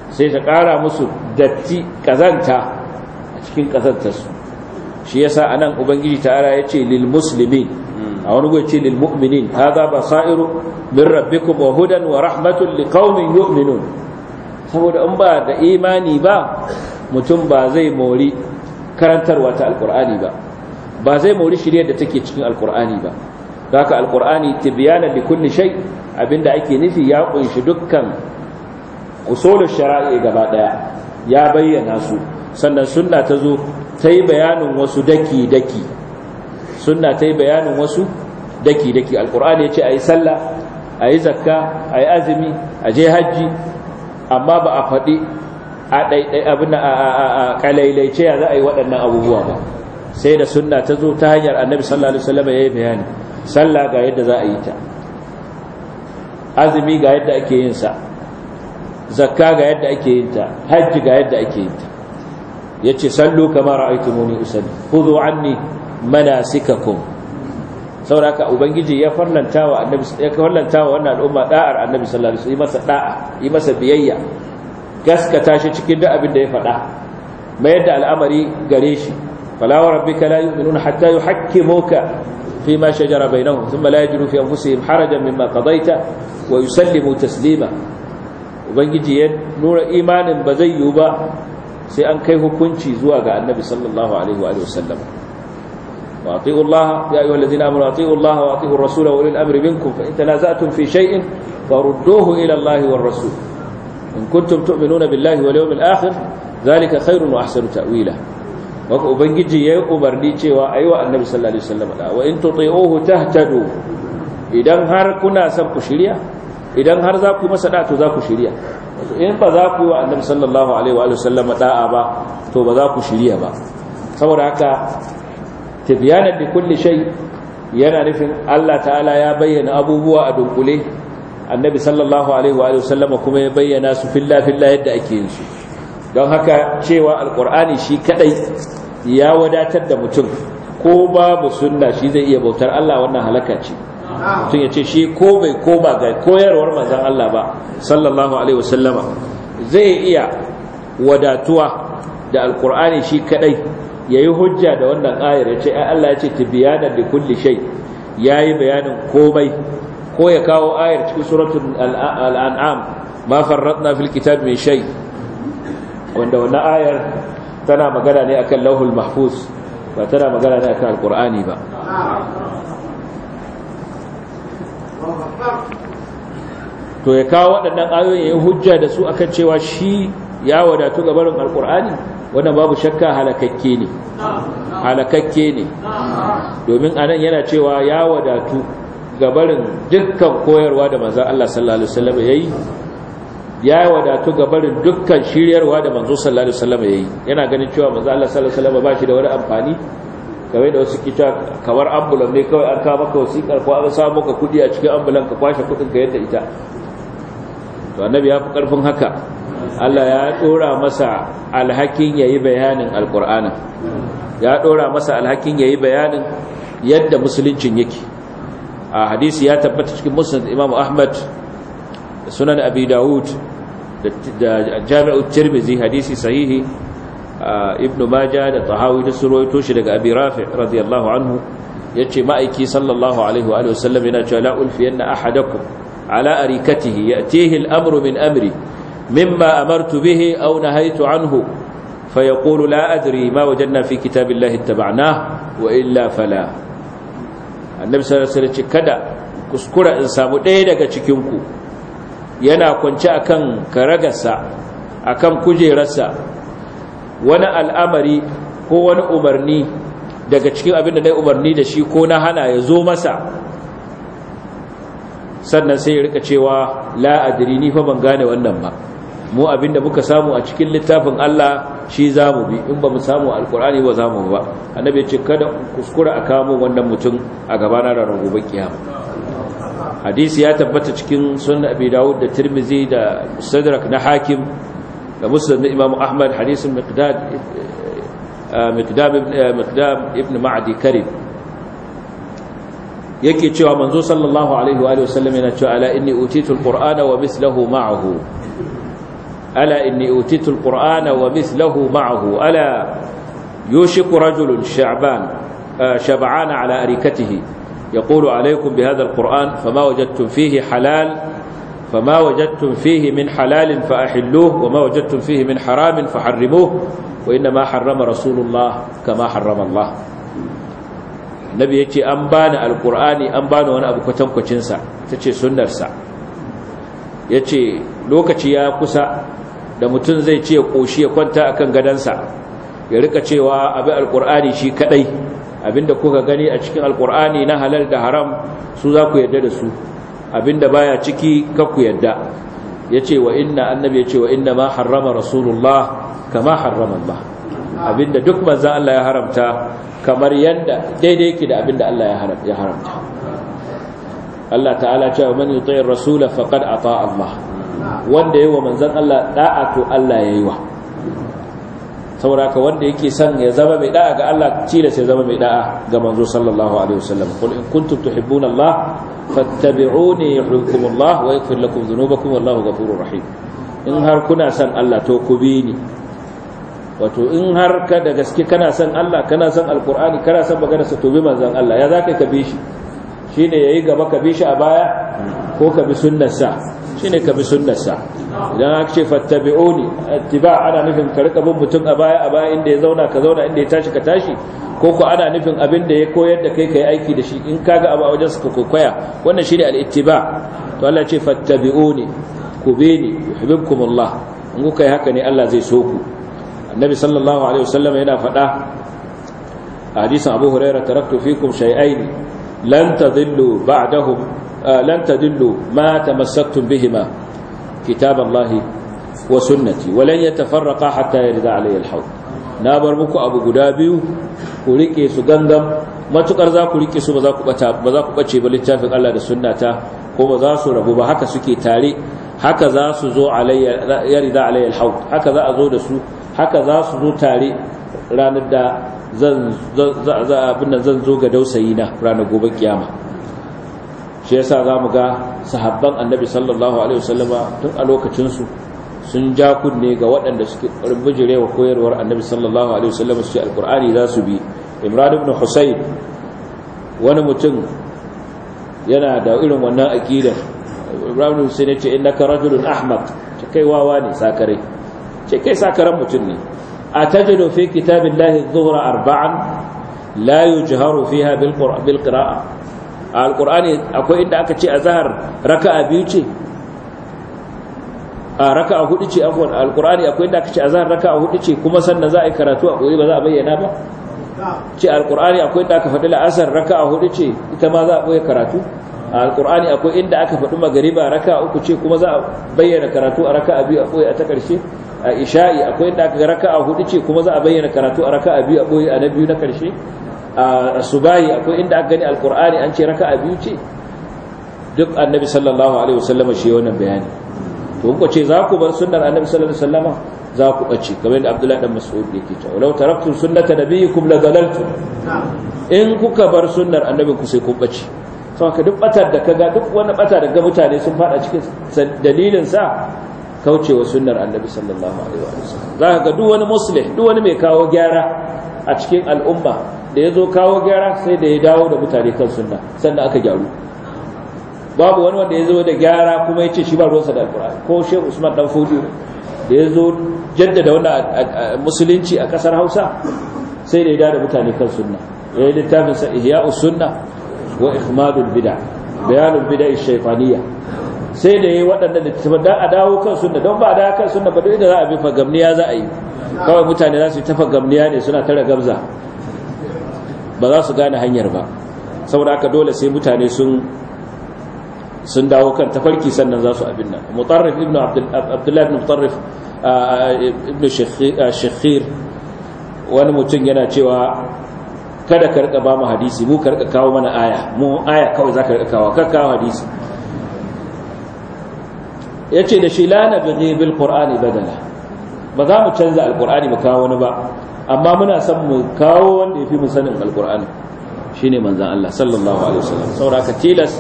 sai ta ƙara musu datti kazanta a cikin kazantarsu shi ya sa yasa anan ubangiji ya ce lil musulmi a wani gwace lil mu'minin hadha sa'iru min rabbikum wa hudan wa rahmatun liqaumin yu'minun saboda in ba da imani ba mutum ba zai mori karantarwa ta alqur'ani ba ba zai mori shirya da take cikin alkur'ani ba haka alkur'ani tibyana bi kulli shay abinda ake nufi ya kunshi dukkan usulul shara'i gaba daya ya bayyana su sannan sunna ta zo ta bayanin wasu daki daki sunna ta bayanin wasu daki daki alkur'ani ya ce ayi sallah ayi zakka ayi azumi aje hajji amma ba a faɗi a ɗaiɗai abin a ƙalailaice ya za a yi waɗannan abubuwa ba sai da sunna ta zo ta hanyar annabi sallallahu alaihi wasallam yayi bayani sallah ga yadda za a yi ta azumi ga yadda ake yin sa zakka ga yadda ake yin ta hajji ga yadda ake yin ta yace sallu kama ra'aytumuni usalli khudhu anni manasikakum sauraka ubangiji ya farlanta wa annabi ya farlanta wa wannan al'umma da'ar annabi sallallahu alaihi wasallam yi masa da'a yi masa biyayya gaskata shi cikin duk abin da ya faɗa mayar da al'amari gare shi فلا وربك لا يؤمنون حتى يحكموك فيما شجر بينهم ثم لا يجدوا في أنفسهم حرجا مما قضيت ويسلموا تسليما وبنجي نور إيمان بزيوبا سي أن كيه كنشي زواغ النبي صلى الله عليه وآله وسلم وأطيعوا الله يا أيها الذين آمنوا أطيعوا الله وأطيعوا الرسول وأولي الأمر منكم فإن تنازعتم في شيء فردوه إلى الله والرسول إن كنتم تؤمنون بالله واليوم الآخر ذلك خير وأحسن تأويله haka ubangiji ya yi umarni cewa a yi wa annabi sallallahu alaihi wasallam da wa in tuti'uhu tahtadu idan har kuna son ku shirya idan har za ku masa da'a to za ku shirya in ba za ku yi wa annabi sallallahu alaihi wa sallam da'a ba to ba za ku shirya ba saboda haka tibyanan bi kulli shay yana nufin Allah ta'ala ya bayyana abubuwa a dunkule annabi sallallahu alaihi wa sallam kuma ya bayyana su filla filla yadda ake yin su don haka cewa alkur'ani shi kadai ya wadatar da mutum ko babu sunna shi zai iya bautar Allah wannan halaka ce mutum ya ce shi ko bai koma ga koyarwar manzan Allah ba sallallahu alaihi wasallama zai iya wadatuwa da alkur'ani shi kadai yayi hujja da wannan ayar ya ce ai Allah ya ce tibyana li kulli shay yayi bayanin komai ko ya kawo ayar cikin suratul al'an'am ma farratna fil kitabi min shay' wanda wannan ayar tana magana ne akan lauhul mahfuz ba tana magana ne akan alqur'ani ba to ya kawo waɗannan ayoyin ya hujja da su akan cewa shi ya wadatu gabarin alkur'ani wannan babu shakka halakakke ne halakakke ne domin anan yana cewa ya wadatu gabarin dukkan koyarwa da manzon Allah sallallahu alaihi wasallam yayi ya wadatu gabarin dukkan shiryarwa da manzo sallallahu alaihi wasallam yayi yana ganin cewa manzo Allah sallallahu alaihi wasallam ba shi da wani amfani kawai da wasu kita kamar ambulan ne kawai an ka maka wasikar ko an samu maka kudi a cikin ambulan ka kwashe kudin ka yadda ita to annabi ya fi karfin haka Allah ya dora masa alhakin yayi bayanin alqur'ana ya dora masa alhakin yayi bayanin yadda musuluncin yake a hadisi ya tabbata cikin musnad Imam Ahmad sunan Abi Dawud da jami'ar tirmizi hadisi sahihi uh, ibnu maja da tahawi da surwaito shi daga abi rafi radiyallahu anhu ya ce ma'aiki sallallahu alaihi wa sallam yana cewa la'ulfiyan na ahadakum ala arikatihi ya tehil amru min amri mimma amartu bihi aw haitu anhu فيقول لا wajen ما وجدنا في كتاب fala annabi وإلا فلا النبي صلى الله عليه وسلم كدا كسكرة إنسان وديدك تشكينكو yana kwance akan karagarsa kan kujerarsa wani al'amari ko wani umarni daga cikin abin da na umarni da shi ko na hana ya zo masa sannan sai ya rika cewa la'adiri ni fa ban gane wannan ba mu abin da muka samu a cikin littafin Allah shi za mu bi in ba mu samu alkur'ani ba za mu ba annabi ya ce kada kuskura a kamo wannan mutum a gabana da gobe kiyama hadisi ya tabbata cikin sunan abi dawud da tirmizi da mustadrak na hakim da musnad imam ahmad hadisin miqdad miqdam eh, eh, miqdam eh, ibn ma'di karim yake cewa manzo sallallahu alaihi wa sallam yana cewa ala inni utitu alqur'ana wa mithluhu ma'ahu ala inni utitu alqur'ana wa mithluhu ma'ahu ala yushiku rajulun sha'ban shab'ana ala arikatihi يقول عليكم بهذا القرآن فما وجدتم فيه حلال فما وجدتم فيه من حلال فأحلوه وما وجدتم فيه من حرام فحرموه وإنما حرم رسول الله كما حرم الله النبي يتي أنبان القرآن أنبان وأنا أبو كتم كتنسا تتي سنرسا يتي لوكتي يا كسا da mutum zai ce koshi ya kwanta akan gadansa ya rika cewa abi alqur'ani shi kadai abinda kuka gani a cikin alkur'ani na halal da haram su za ku yadda da su abinda baya ciki ka ku yadda Ya ce wa inna annabi ya ce wa inna ma harrama rasulullah kama harrama Allah abinda duk manzon Allah ya haramta kamar yadda daidai yake da abinda Allah ya haramta Allah ta'ala ce cewa man yuti'ir rasula faqad ata Allah wanda yayi wa manzon Allah da'a to Allah yayi wa saboda haka wanda yake son ya zama mai da'a ga Allah ci da sai zama mai da'a ga manzo sallallahu alaihi wasallam qul in kuntum tuhibbuna Allah fattabi'uni yuhibbukum Allah wa yaghfir lakum dhunubakum wallahu ghafurur rahim in har kuna son Allah to ku bi ni wato in har ka da gaske kana son Allah kana son alqur'ani kana son maganar sa to bi manzon Allah ya zaka ka bi shi ya yayi gaba ka bi shi a baya ko ka bi sunnarsa ne ka bi sunnarsa idan aka ce fattabi'uni ittiba ana nufin ka mutum a baya a baya inda ya zauna ka zauna inda ya tashi ka tashi ko ku ana nufin abin da ya koyar da kai yi aiki da shi in kaga abu a wajen ka kwaikwaya. wannan shine al-ittiba to Allah ce fattabi'uni ku bi ni yuhibbukumullah in kuka yi haka ne Allah zai so ku annabi sallallahu alaihi wasallam yana faɗa a hadisin Abu Hurairah taraktu fikum shay'aini lan tadillu ba'dahum uh, lan ma tamassaktum bihima kitab Allah wa sunnati hatta yarda bar muku abu guda biyu ku rike matukar za ku su ba bace ba littafin Allah da sunnata ko ba za rabu ba haka zo tare da zan zan zo ga dausayi na ranar gobe kiyama shi yasa za mu ga sahabban annabi sallallahu alaihi wasallama tun a lokacinsu sun ja kunne ga waɗanda suke bijire wa koyarwar annabi sallallahu alaihi wasallama su ce alkur'ani za su bi imran ibn husayn wani mutum yana da irin wannan aqidar imran ibn husayn ya ce innaka rajulun ahmad ce kai wawa ne sakare ce kai sakaren mutum ne أتجد في كتاب الله الظهر أربعا لا يجهر فيها بالقراءة القرآن أكو إن أكتشي أزهر ركع بيوتي raka a hudu ce afwan alqur'ani akwai inda kace azan raka a hudu ce kuma sannan za a yi karatu a koyi ba za a bayyana ba ce Alƙur'ani akwai inda ka faɗi la'asar raka a hudu ce ita ma za a koyi karatu a alkur'ani akwai inda aka faɗi magariba raka uku ce kuma za a bayyana karatu a raka biyu a ɓoye a ta ƙarshe a isha'i akwai inda aka raka a hudu ce kuma za a bayyana karatu a raka biyu a ɓoye a na biyu na ƙarshe a subayi akwai inda aka gani alkur'ani an ce raka biyu ce duk annabi sallallahu alaihi wasallam shi wannan bayani to kuka ce za ku bar sunnar annabi sallallahu alaihi wasallam za ku bace kamar yadda abdullahi dan mas'ud yake cewa law taraktu sunnata nabiyikum la dalaltu in kuka bar sunnar annabi ku sai ku bace haka duk batar da kaga duk wani bata ga mutane sun fada cikin dalilin sa kaucewa sunnar annabi sallallahu alaihi Za zaka ga duk wani Muslim duk wani mai kawo gyara a cikin al'umma da yazo kawo gyara sai da ya dawo da mutane kan sunna sannan aka gyaru babu wani wanda ya zo da gyara kuma ya ce shi ba ruwansa da alkur'ani ko shehu usman dan fudu da ya zo jaddada wannan musulunci a kasar hausa sai da ya dawo da mutane kan sunna ya yi littafinsa ihya'us sunna wa ihmadul bid'a bayanul bid'a shaytaniyya sai da yayi a dawo kan sunna don ba kan sunna ba da za a bi fagamniya za a yi kawai mutane za su yi ne suna tara gamza ba za su gane hanyar ba saboda haka dole sai mutane sun sun dawo kan tafarki sannan za su abin nan mutarrif ibn mutarrif ah, ah, ah, shakhir wani mutum yana cewa kada ka rika ba mu hadisi mu ka rika kawo mana aya mu aya kawai za ka rika kawo ka kawo hadisi ya ce da shi lana bighi bil qur'ani badala ba za mu canza alqur'ani mu kawo wani ba amma muna son mu kawo wanda ya fi mu sanin alqur'ani shine manzon Allah sallallahu alaihi wasallam sauraka tilas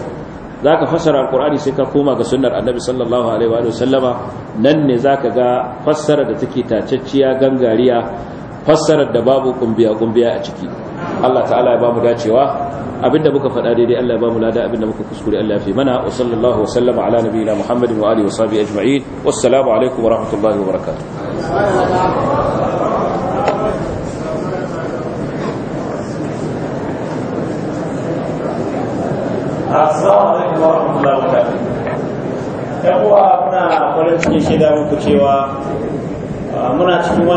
zaka fassara alqur'ani sai ka koma ga sunnar annabi sallallahu alaihi wa sallama nan ne zaka ga fassara da take tacacciya gangariya fassarar da babu kumbiya kumbiya a ciki Allah ta'ala ya ba mu dacewa abinda muka faɗa daidai Allah ya ba mu lada abinda muka kuskure Allah ya fi mana wa sallallahu wa sallama ala nabiyina Muhammadin wa alihi wa sahbihi ajma'in wassalamu alaikum wa rahmatullahi wa barakatuh Assalamu alaikum warahmatullahi wa Yan uwa muna farin cikin shaida muku cewa uh, muna cikin